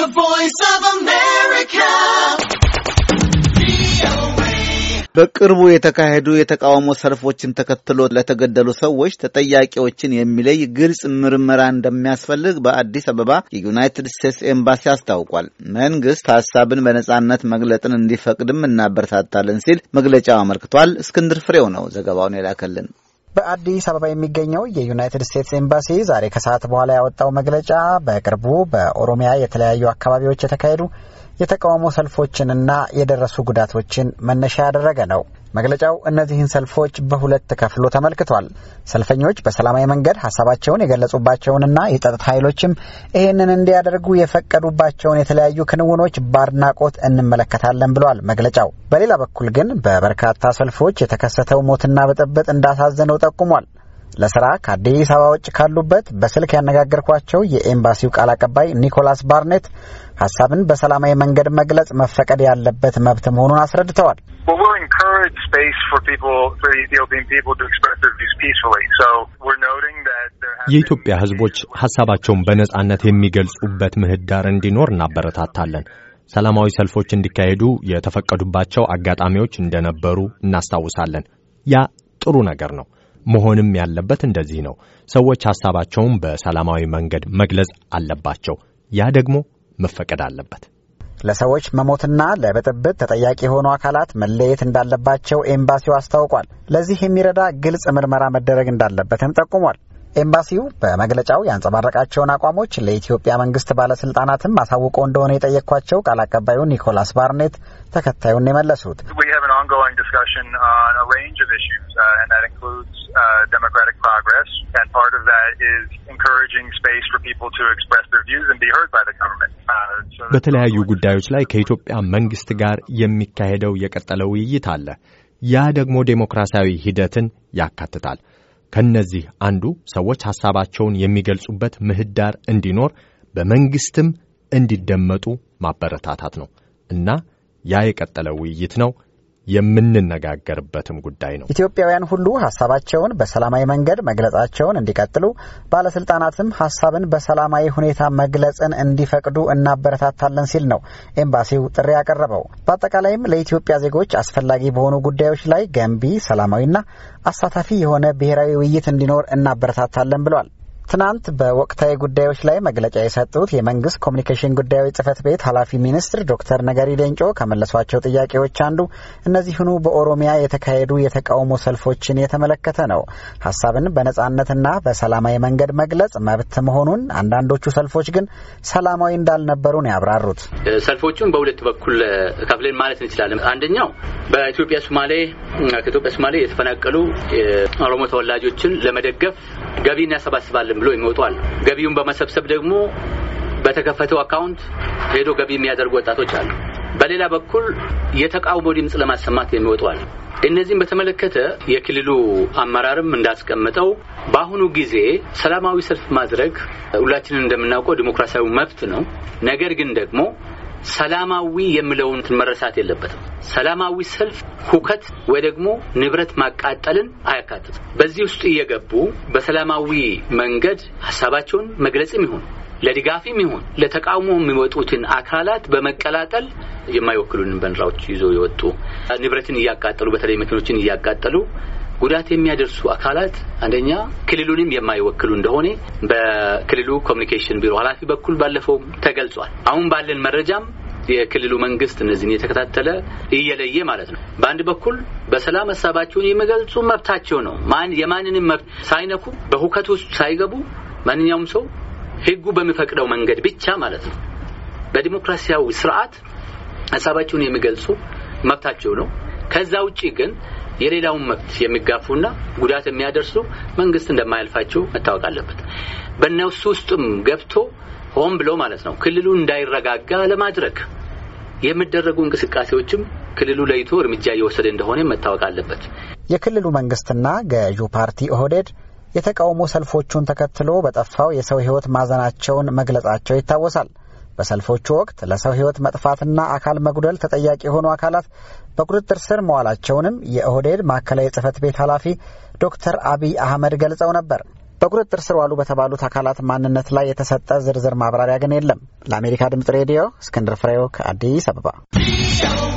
The Voice of America. በቅርቡ የተካሄዱ የተቃውሞ ሰልፎችን ተከትሎ ለተገደሉ ሰዎች ተጠያቂዎችን የሚለይ ግልጽ ምርመራ እንደሚያስፈልግ በአዲስ አበባ የዩናይትድ ስቴትስ ኤምባሲ አስታውቋል። መንግስት ሀሳብን በነጻነት መግለጥን እንዲፈቅድም እናበረታታለን ሲል መግለጫው አመልክቷል። እስክንድር ፍሬው ነው ዘገባውን የላከልን። በአዲስ አበባ የሚገኘው የዩናይትድ ስቴትስ ኤምባሲ ዛሬ ከሰዓት በኋላ ያወጣው መግለጫ በቅርቡ በኦሮሚያ የተለያዩ አካባቢዎች የተካሄዱ የተቃውሞ ሰልፎችንና የደረሱ ጉዳቶችን መነሻ ያደረገ ነው። መግለጫው እነዚህን ሰልፎች በሁለት ከፍሎ ተመልክቷል። ሰልፈኞች በሰላማዊ መንገድ ሀሳባቸውን የገለጹባቸውንና የጸጥታ ኃይሎችም ይህንን እንዲያደርጉ የፈቀዱባቸውን የተለያዩ ክንውኖች በአድናቆት እንመለከታለን ብሏል መግለጫው። በሌላ በኩል ግን በበርካታ ሰልፎች የተከሰተው ሞትና ብጥብጥ እንዳሳዘነው ጠቁሟል። ለስራ ከአዲስ አበባ ውጭ ካሉበት በስልክ ያነጋገርኳቸው የኤምባሲው ቃል አቀባይ ኒኮላስ ባርኔት ሀሳብን በሰላማዊ መንገድ መግለጽ መፈቀድ ያለበት መብት መሆኑን አስረድተዋል። Well, we'll encourage space for people, for Ethiopian people to express their views peacefully. So we're noting that የኢትዮጵያ ሕዝቦች ሐሳባቸውን በነጻነት የሚገልጹበት ምህዳር እንዲኖር እናበረታታለን። ሰላማዊ ሰልፎች እንዲካሄዱ የተፈቀዱባቸው አጋጣሚዎች እንደነበሩ እናስታውሳለን። ያ ጥሩ ነገር ነው። መሆንም ያለበት እንደዚህ ነው። ሰዎች ሐሳባቸውን በሰላማዊ መንገድ መግለጽ አለባቸው። ያ ደግሞ መፈቀድ አለበት። ለሰዎች መሞትና ለብጥብጥ ተጠያቂ የሆኑ አካላት መለየት እንዳለባቸው ኤምባሲው አስታውቋል። ለዚህ የሚረዳ ግልጽ ምርመራ መደረግ እንዳለበትም ጠቁሟል። ኤምባሲው በመግለጫው ያንጸባረቃቸውን አቋሞች ለኢትዮጵያ መንግስት ባለስልጣናትም አሳውቆ እንደሆነ የጠየኳቸው ቃል አቀባዩ ኒኮላስ ባርኔት ተከታዩን የመለሱት and part of that is encouraging space for people to express their views and be heard by the government. Uh, በተለያዩ ጉዳዮች ላይ ከኢትዮጵያ መንግስት ጋር የሚካሄደው የቀጠለ ውይይት አለ። ያ ደግሞ ዴሞክራሲያዊ ሂደትን ያካትታል። ከነዚህ አንዱ ሰዎች ሐሳባቸውን የሚገልጹበት ምህዳር እንዲኖር በመንግስትም እንዲደመጡ ማበረታታት ነው እና ያ የቀጠለ ውይይት ነው። የምንነጋገርበትም ጉዳይ ነው። ኢትዮጵያውያን ሁሉ ሀሳባቸውን በሰላማዊ መንገድ መግለጻቸውን እንዲቀጥሉ፣ ባለስልጣናትም ሀሳብን በሰላማዊ ሁኔታ መግለጽን እንዲፈቅዱ እናበረታታለን ሲል ነው ኤምባሲው ጥሪ ያቀረበው። በአጠቃላይም ለኢትዮጵያ ዜጎች አስፈላጊ በሆኑ ጉዳዮች ላይ ገንቢ ሰላማዊና አሳታፊ የሆነ ብሔራዊ ውይይት እንዲኖር እናበረታታለን ብሏል። ትናንት በወቅታዊ ጉዳዮች ላይ መግለጫ የሰጡት የመንግስት ኮሚኒኬሽን ጉዳዮች ጽህፈት ቤት ኃላፊ ሚኒስትር ዶክተር ነገሪ ሌንጮ ከመለሷቸው ጥያቄዎች አንዱ እነዚህኑ በኦሮሚያ የተካሄዱ የተቃውሞ ሰልፎችን የተመለከተ ነው። ሀሳብን በነጻነትና በሰላማዊ መንገድ መግለጽ መብት መሆኑን፣ አንዳንዶቹ ሰልፎች ግን ሰላማዊ እንዳልነበሩ ነው ያብራሩት። ሰልፎቹን በሁለት በኩል ከፍለን ማለት እንችላለን። አንደኛው በኢትዮጵያ ሶማሌ ከኢትዮጵያ ሶማሌ የተፈናቀሉ ኦሮሞ ተወላጆችን ለመደገፍ ገቢ እናሰባስባለን ብሎ የሚወጡ ገቢውን በመሰብሰብ ደግሞ በተከፈተው አካውንት ሄዶ ገቢ የሚያደርጉ ወጣቶች አሉ። በሌላ በኩል የተቃውሞ ድምፅ ለማሰማት የሚወጧል። እነዚህም በተመለከተ የክልሉ አመራርም እንዳስቀምጠው በአሁኑ ጊዜ ሰላማዊ ሰልፍ ማድረግ ሁላችንን እንደምናውቀው ዲሞክራሲያዊ መብት ነው። ነገር ግን ደግሞ ሰላማዊ የሚለውን መረሳት የለበትም። ሰላማዊ ሰልፍ ሁከት ወይ ደግሞ ንብረት ማቃጠልን አያካትትም። በዚህ ውስጥ እየገቡ በሰላማዊ መንገድ ሀሳባቸውን መግለጽም ይሁን ለድጋፊም ይሁን ለተቃውሞ የሚወጡትን አካላት በመቀላጠል የማይወክሉንን በንራዎች ይዞ የወጡ ንብረትን እያቃጠሉ በተለይ መኪኖችን እያቃጠሉ ጉዳት የሚያደርሱ አካላት አንደኛ ክልሉንም የማይወክሉ እንደሆነ በክልሉ ኮሚኒኬሽን ቢሮ ኃላፊ በኩል ባለፈው ተገልጿል። አሁን ባለን መረጃም የክልሉ መንግስት እነዚህን የተከታተለ እየለየ ማለት ነው። በአንድ በኩል በሰላም ሀሳባቸውን የሚገልጹ መብታቸው ነው። ማን የማንንም መብት ሳይነኩ በሁከት ውስጥ ሳይገቡ ማንኛውም ሰው ህጉ በሚፈቅደው መንገድ ብቻ ማለት ነው በዲሞክራሲያዊ ስርዓት ሀሳባቸውን የሚገልጹ መብታቸው ነው። ከዛ ውጪ ግን የሌላውን መብት የሚጋፉና ጉዳት የሚያደርሱ መንግስት እንደማያልፋቸው መታወቅ አለበት። በእነሱ ውስጥም ገብቶ ሆን ብሎ ማለት ነው ክልሉ እንዳይረጋጋ ለማድረግ የሚደረጉ እንቅስቃሴዎችም ክልሉ ለይቶ እርምጃ እየወሰደ እንደሆነ መታወቅ አለበት። የክልሉ መንግስትና ገዢው ፓርቲ ኦህዴድ የተቃውሞ ሰልፎቹን ተከትሎ በጠፋው የሰው ህይወት ማዘናቸውን መግለጻቸው ይታወሳል። በሰልፎቹ ወቅት ለሰው ሕይወት መጥፋትና አካል መጉደል ተጠያቂ የሆኑ አካላት በቁጥጥር ስር መዋላቸውንም የኦህዴድ ማዕከላዊ ጽህፈት ቤት ኃላፊ ዶክተር አብይ አህመድ ገልጸው ነበር። በቁጥጥር ስር ዋሉ በተባሉት አካላት ማንነት ላይ የተሰጠ ዝርዝር ማብራሪያ ግን የለም። ለአሜሪካ ድምጽ ሬዲዮ እስክንድር ፍሬው ከአዲስ አበባ